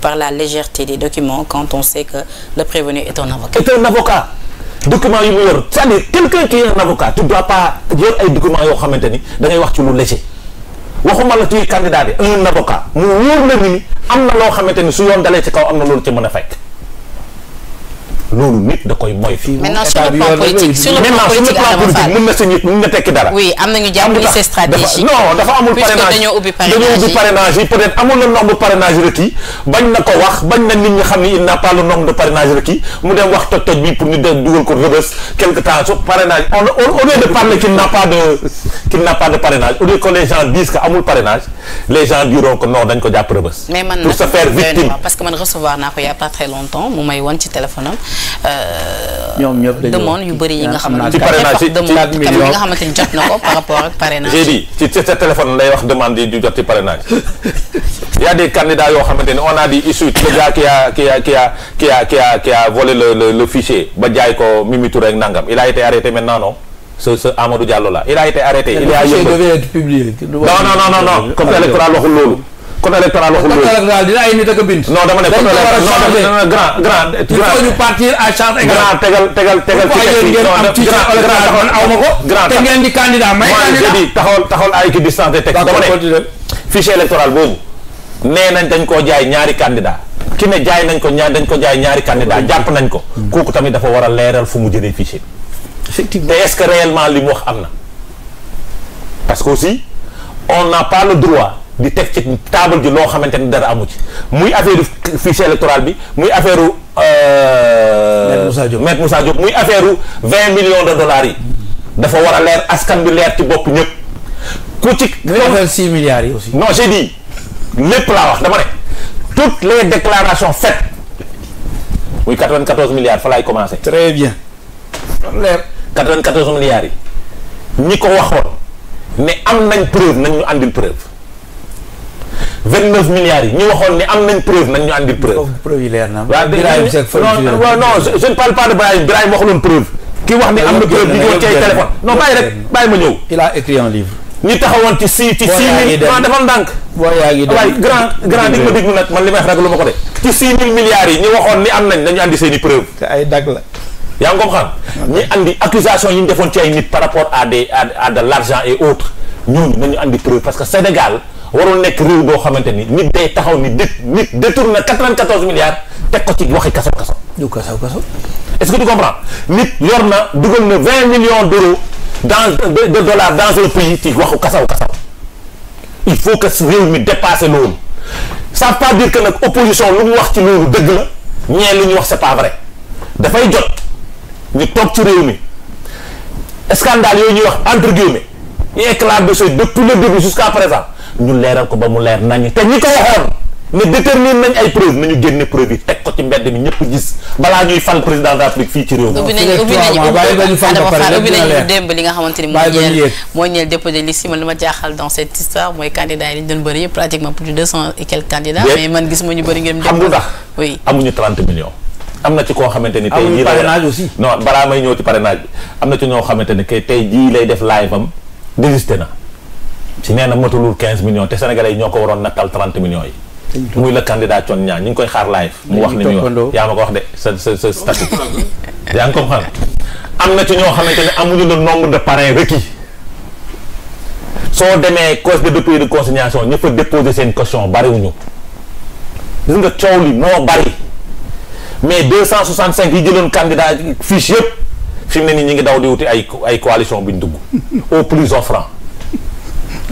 par la légèreté des documents quand on sait que le prévenu est un avocat. est un avocat document yu mu yor c'est-à-dire quelqu'un qui est un avocat tu dois pas yor ay documents yoo xamante ni da ngay wax ci lu léger waxuma la tuy candidat bi un avocat mu wóor na ni am na loo xamante ni su yoon dalee ci kaw am na loolu ci mën a fekk. loolu nit da koy moy fii. maintenant sur le plan politique sur le plan na si mën na tekki dara. oui am nañu jàpp ni c'est stratégique. non dafa amul parrainage dañoo ubbi parrainage yi peut être amul na nombre de parrainage bañ na ko wax bañ na nit ñi xam ni il n'a pas le nombre de parrainage requis mu dem wax toj toj bi pour ñu dem dugal ko rëbës quelque temps su au lieu de parler qu'il n'a pas de qu'il n'a pas de parrainage au lieu que les amul parrainage. les gens diront que dañ ko jàpp rëbës. mais man pour se faire victime parce que man recevoir naa ko y' a pas très longtemps mu may won ci téléphone euh, ñoom ñëpp dañoo demande yu bëri yi nga xam naa ci parrainage ci ci millions nga xamante ni jot na ko par rapport ak parrainage. j'ai dit ci sa téléphone lay wax demande yi du jot ci parrainage. y' a des candidats yoo xamante ne on a dit issu le gars qui a qui a qui a qui a qui a qui a volé le le le fichier ba jaay ko Mimi Touré ak nangam il a été arrêté maintenant non. ce ce Amadou Diallo là il a été arrêté. il a devait être publié. non non non non code électoral waxul loolu. code électoral waxul loolu code électoral dina ay nit ak a bind. non dama ne code électoral grand grand. il faut ñu partir à charge égale. grand tegal tegal tegal ci teg grand aw ma ko. grand te ngeen di candidat may. candidat moi je dis taxawal taxawal ay ki distance de teg. dama ne fichier électoral boobu. nee nañ dañ koo jaay ñaari candidat ki ne jaay nañ ko ñaar dañ ko jaay ñaari candidat mm-hmm. jàpp nañ ko. Mm-hmm. kooku tamit dafa war a leeral fu mu jëlee fichier effectivement mais est que réellement li mu wax am na. parce que aussi on n'a pas le droit di teg ci table ji loo xamante ni dara amu ci muy affaire fichier électoral bi muy affaire. Euh, Maître Moussa Diop Maître muy affaire vingt millions de dollars yi. dafa war a leer askan bi leer ci bopp ñëpp. ku ci milliards yi aussi. non j'ai lépp laa wax dama ne. toutes les déclarations faites muy 94 milliards fa laay commencer. très bien. 94 milliards yi ñi ko waxoon ne am nañ preuve nañ ñu àndil preuve 29 milliards yi waxoon ne am nañ preuve nañ ñu àndil leer na. waaw non non je ne parle pas de Brahim wax ni am na preuve ñu ko cay téléphone. non bàyyi rek bàyyi ma ñëw. ñi taxawoon ci six ci six mille non defal ndànk waaye grand grand dig ma déglu nag ma ko de ci waxoon ni am nañ nañu àndi seeni preuve te ay dag la yaa ngi ko xam ñi andi accusation yi ñu defoon ci ay nit par rapport à des à de l'argent et autres ñooñu nañu andi preuve parce que Sénégal warul nekk réew boo xamante ni nit day taxaw ni dé nit détourne 94 milliards teg ko ci waxi kasaw kasaw. du kasaw kasaw. est-ce que tu comprends nit yor na dugal na 20 de dollars dans un pays ci waxu kasaw kasaw il faut que réew mi dépasse loolu ça veut pas dire que nag opposition lu mu wax ci loolu dëgg la ñee lu ñu wax c'est pas vrai ñu toog ci réew mi scandale yooyu ñuy wax entre guillemets ñu éclat de seuil depuis le début jusqu'à présent ñu leeral ko ba mu leer nañu te ñi ko waxoon ne déterminer nañ ay preuve nañu génne preuve yi teg ko ci mbedd mi ñëpp gis balaa ñuy fal président de fii ci réew mi. ubbi nañu ubbi nañu ubbi nañu démb nga xamante ni moo ñeel moo ñeel déposé liste man li ma jaaxal dans cette histoire mooy candidats yi dañu doon bëri yëpp pratiquement plus de deux cent et quelques candidats mais man gis ñu bëri ngeen. nga am na ci koo xamante ni tey jii balaa may ñëw ci parrainage bi am na ci ñoo xamante ni kay tey jii lay def live am désisté na ci nee na matulul 15 millions te sénégalais yi ñoo ko waroon nattal 30 millions yi muy la candidat Thione ñu ngi koy xaar live mu wax ni muy wax yaa ma ko wax de sa sa sa statut yaa ngi comprendre am na ci ñoo xamante ne amuñu le nombre de parrains requis soo demee cause de dépôt de consignation ñëpp a déposé seen caution bariwuñu gis nga coow li moo bari mais 265 yi jëloon candidat fiche yëpp fi mu ne nii ñu ngi daw di wuti ay coalition bu dugg au plus offrant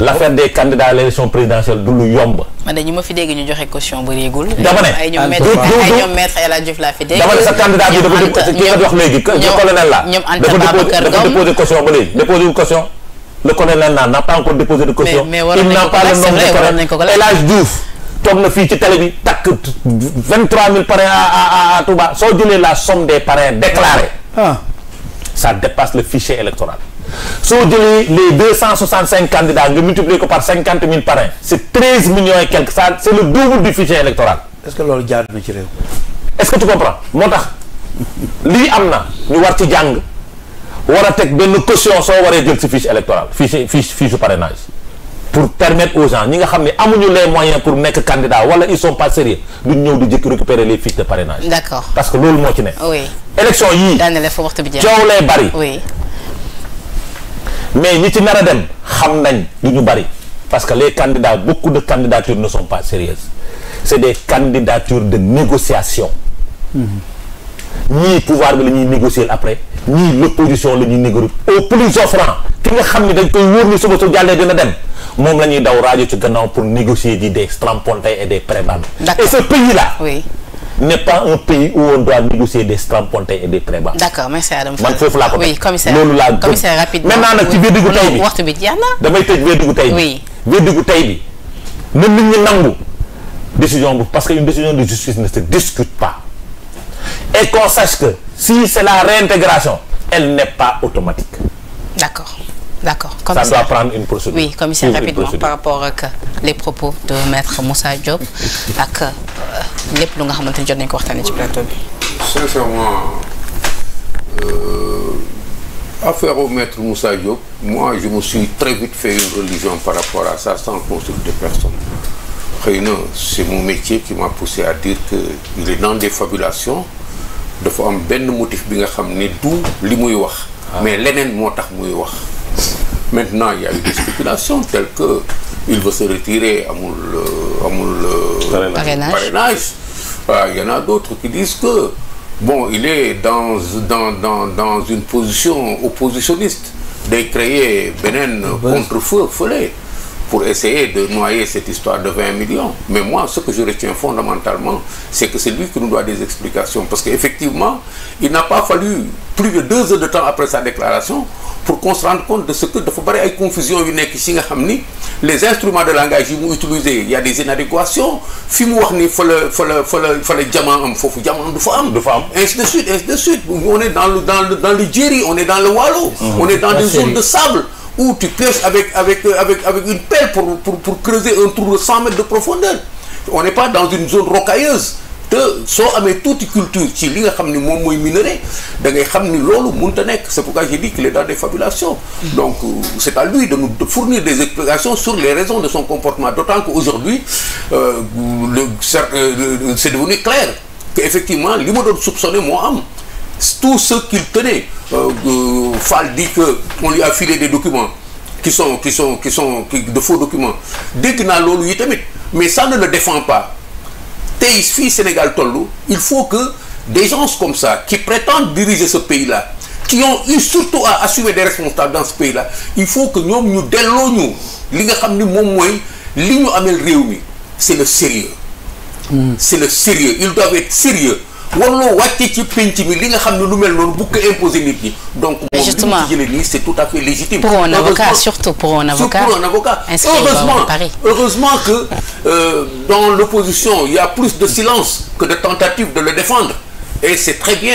l' affaire des candidats à élection présidentielle du lu yomb. man de ñu ma fi dégg ñu joxe caution bu réegul. dama ne ay ñoom maître sa candidat bi dafa déposé ki ba léegi déposé wu caution. le colonel naa n'a pas encore déposé de caution. mais mais waroon nañ ko ko laaj il n'a pas le nom de colonel El Hadj Diouf sàkk vingt trois mille parrains à à à Touba soo jëlee la somme des parrains déclarés. ah ça dépasse le fichier électoral. soo jëlee les deux cent soixante cinq candidats nga multiplier ko par cinquante mille parrains. c' est treize millions et quelque ça c' est le double du fichier électoral. est ce que loolu jaar na ci réew. est ce que tu comprends moo tax lii am na ñu war ci jàng war a teg benn caution soo waree jël si fiche électorale fiche fiche fiche pour permettre aux gens ñi nga xam ne amuñu les moyens pour nekk candidat wala ils sont pas sérieux duñ ñëw di jëkk récupérer les fiches de parrainage. d'accord parce que loolu moo mais ñi ci nar a dem xam nañ du ñu bari parce que les candidats beaucoup de candidatures ne sont pas sérieuses c'est des candidatures de négociation. Mm-hmm. ñii pouvoir bi la ñuy négocier après ñii l'opposition la ñuy au plus offrant ki nga xam ne dañ koy wóor ni suba su jàllee dina dem. moom la ñuy daw rajo ci gannaaw pour négocier di des strapontins et des prébendes. et ce pays là. oui n'est pas un pays où on doit négocier des strapontins et des prébendes. d'accord merci Adama man foofu laa ko oui commissaire loolu laa commissaire rapidement maintenant nag ci weddigu tey bi bi damay tëj weddigu tey bi bi na nit ñi nangu décision bu parce que une décision de justice ne se discute pas et qu'on sache que si c'est la réintégration elle n'est pas automatique d'accord D'accord. Ça doit prendre une procédure. Oui, commissaire, rapidement, procédure. par rapport à euh, les propos de maître Moussa Diop ak euh, lépp lu nga xamante ni jot nañu ko waxtaanee ci plateau bi. Sincèrement, euh, affaire au maître Moussa Diop, moi je me suis très vite fait une religion par rapport à ça sans consulte de personne. Xëy na c'est mon métier qui m'a poussé à dire que il est dans des fabulations dafa am benn motif bi nga xam ne du li muy wax. Ah. mais leneen moo tax muy wax. maintenant il y a eu des spéculations telles que il veut se retirer amul euh, amul. Euh, parrainage parrainage. Ah, il y en a d'autres qui disent que bon il est dans dans dans dans une position oppositionniste day créer beneen contre-feu fële pour essayer de noyer cette histoire de 20 millions mais moi ce que je retiens fondamentalement c'est que c'est lui qui nous doit des explications parce que effectivement il n'a pas fallu plus de deux heures de temps après sa déclaration pour qu'on se rende compte de ce que dafa bëri ay confusion yu nekk si nga xam ni les instruments de langage yi mu utilisé y a des inadéquations fi mu wax ni fa la fa la fa la fa foofu jama am am. du am ainsi de suite ainsi de suite on est dans le dans le dans le Djeri on est dans le Waalo. Mmh. on est dans des zones de sable. où tu pioches avec avec avec une pelle pour pour pour creuser un trou de 100 de profondeur on n'est pas dans une zone rocailleuse. te soo amee tuuti culture ci li nga xam ni moom mooy minerai da ngay xam ni loolu mënut a nekk c'est pourquoi j'ai dit qu'il est dans des fabulations donc euh, c'est à lui de nous fournir des explications sur les raisons de son comportement d'autant qu'aujourd'hui euh, le euh, c'est devenu clair que effectivement li ma doon soupçonné moo am tout ce qu'il tenait euh, euh, Fall dit que on lui a filé des documents qui sont qui sont qui sont qui, de faux documents dégg naa loolu yi tamit mais ça ne le défend pas tey fii Sénégal toll il faut que des gens comme ça qui prétendent diriger ce pays-là qui ont eu surtout à assumer des responsabilités dans ce pays-là il faut que ñoom ñu delloo ñu li nga xam ni moom mooy li ñu amel réew mi c'est le sérieux hmm. c'est le sérieux ils doivent être sérieux warloo wàcce ci penc mi li nga xam ne lu mel noonu bu donc moom li mu ci jëlee nii c' est tout à fait légitime. pour un avocat surtout pour un avocat pour un avocat. heureusement heureusement que euh, dans l' il y a plus de silence que de tentative de le défendre et c' est très bien.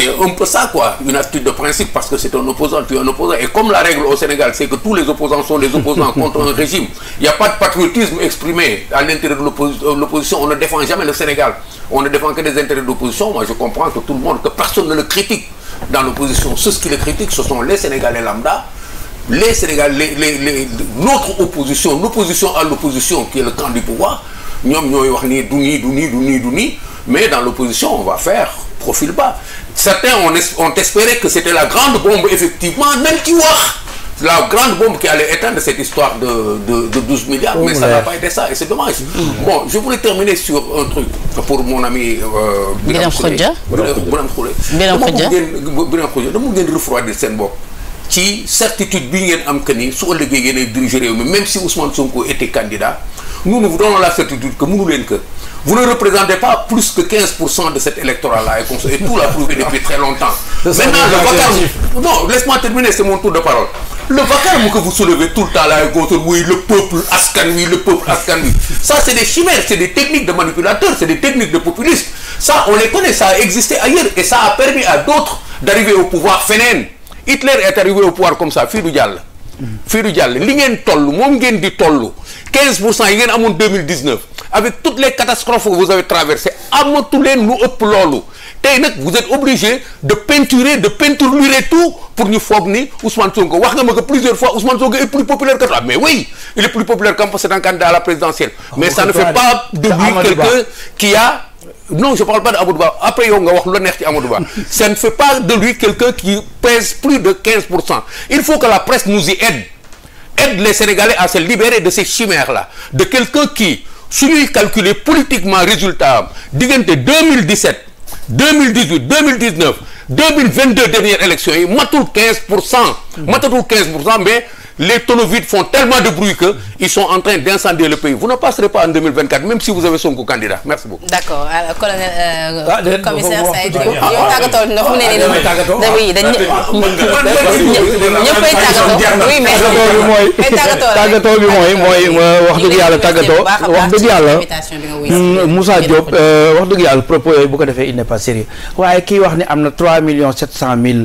c'est un peu ça quoi une attitude de principe parce que c'est un opposant tu es un opposant et comme la règle au Sénégal c'est que tous les opposants sont des opposants contre un régime il n'y a pas de patriotisme exprimé à l'intérieur de euh, l'opposition on ne défend jamais le Sénégal on ne défend que des intérêts d'opposition moi je comprends que tout le monde que personne ne le critique dans l'opposition ceux qui le critiquent ce sont les Sénégalais lambda les Sénégalais les, les, les notre opposition l'opposition à l'opposition qui est le camp du pouvoir ñoom ñooy wax nii du nii du nii du nii du nii mais dans l'opposition on va faire profil bas certains ont, ont espéré que c'était la grande bombe effectivement même ci wax la grande bombe qui allait éteindre cette histoire de douze milliards. Oh mais ça n'a pas été ça et c'est dommage. je voulais terminer sur un truc pour mon ami. Euh, Birame Khoudia Birame Khoudia Birame Khoudia Birame Khoudia dama certitude bi ngeen am que ni su ëllëgee yéenay diriger réew même si Ousmane Sonko était candidat nous nous donnons la certitude que mënu leen que. vous ne représentez pas plus que 15% de cet électorat-là, et, comme ça, et tout l'a prouvé depuis très longtemps. Maintenant, Non, laisse-moi terminer, c'est mon tour de parole. Le vacarme que vous soulevez tout le temps là, gauche, oui, le peuple ascanoui, le peuple ascanoui, c'est des chimères, c'est des techniques de manipulateurs, c'est des techniques de populistes. Ça, on les connaît, ça a existé ailleurs, et ça a permis à d'autres d'arriver au pouvoir. Fenen, Hitler est arrivé fii du li ngeen toll moom ngeen di toll 15 pour cent yi ngeen amoon 2019 avec toutes les catastrophes que vous avez traversées amatu leen lu ëpp loolu tey nag vous êtes obligé de peinturer de peinturlurer tout pour ñu foog ni Ousmane Sonko wax nga ma plusieurs fois Ousmane Sonko est plus populaire que toi mais oui il plus populaire comme c'est un la présidentielle ah, mais ça ne fait pas de lui qui a non je parle pas de Amadou Ba après yow nga wax lu la neex ci Amadou Ba ça ne fait pas de lui quelqu'un qui pèse plus de 15 pour cent il faut que la presse nous y aide aide les Sénégalais à se libérer de ces chimères là de quelqu'un qui su ñuy calculer politiquement résultat am diggante 2017 2018 2019 2022 dernières élections yi matul 15 pour cent. Mm. matatul 15 pour cent les tonneaux vides font tellement de bruit que ils sont en train d'incendier le pays vous ne passerez pas en 2024 même si vous avez Sonko candidat merci beaucoup. d'accord bi mooy mooy wax dëgg yàlla tàggatoo wax dëgg yàlla Moussa Diop wax dëgg yàlla propos yooyu bu ko defee il n'est pas sérieux waaye kii wax ni am na 3 millions cent mille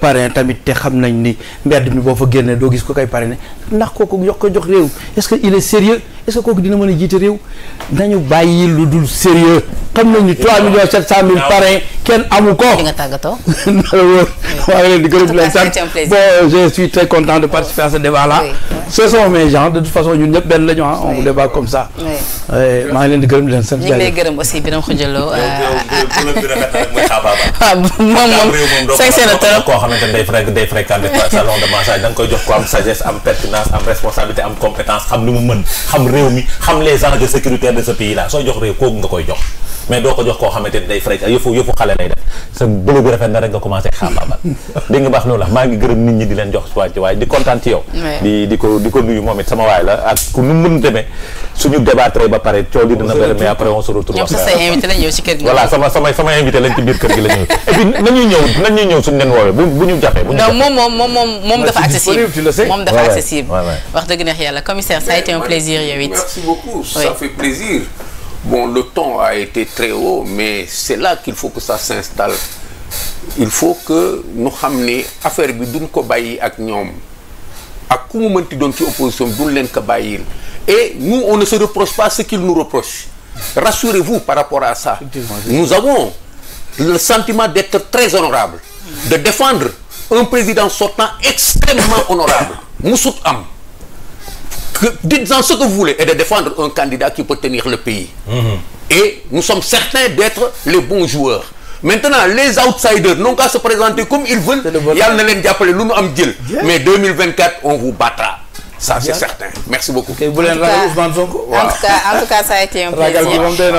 parrain tamit te xam nañ ni mbedd mi boo fa génnee doo gis ko kay. pare parrainé ndax kooku yokk ko jox réew est-ce que il est sérieux est-ce que kooku dina mën a jiite réew nañu bàyyi lu dul sérieux xam nañ ni 3 millions 700 mille parrain kenn amu ko. di nga tàggatoo. maa ngi leen di gërëm di leen sant bon euh, je suis très content de participer à ce débat là. ce sont mes gens de toute façon ñun ñëpp benn la ñu ah on débat comme ça. maa ngi leen di gërëm di leen sant. ñu ngi lay gërëm aussi Birame Khoudia Lo. waaw ah, moom moom sincère na trop koo xamante ne day fréq day fréquenté salon de massage da nga koy jox ko am sagesse am pertinence am responsabilité am compétence xam lu mu mën xam réew mi xam les enjeux sécuritaires de ce pays là sooy jox réew kooku nga koy jox mais doo ko jox koo xamante ni day fréquent yëfu yëfu xale lay def sa bële bi rafet na rek nga commencé xaabaabal dégg baax loolu la maa ngi gërëm nit ñi di leen jox wàcc waaye di kontaan ci yow di ko nuyu moom it sama waay la ak ku nu mun demee suñu débattre ba pare coow li dina bëri mais après on se retrouve ñëpp sa invité la ci biir kër gi la ñëw et puis nañuy ñëw nañuy ñëw suñu leen woowee bu ñu jafee bu ñu moom moom moom dafa accessible moom dafa accessible wax dëgg Bon, le ton a été très haut, mais c'est là qu'il faut que ça s'installe. Il faut que ñu xam ne affaire bi duñ ko bàyyi ak ñoom ak ku mu mënti doon ci opposition bi duñ leen ko bàyyil et nous on ne se reproche pas ce qu'ils nous reprochent. Rassurez-vous par rapport à ça. Nous avons le sentiment d'être très honorable, de défendre un président sortant extrêmement honorable. Musut am. que dites-en ce que vous voulez et de défendre un candidat qui peut tenir le pays. Mm-hmm. Et nous sommes certains d'être les bons joueurs. Maintenant les outsiders n'ont qu'à se présenter comme ils veulent. Yàlla na leen jàppale lu nu mais on vous battra. c'est certain merci beaucoup. bu leen ragal Ousmane Sonko. en tout cas en tout cas ça a été un plaisir.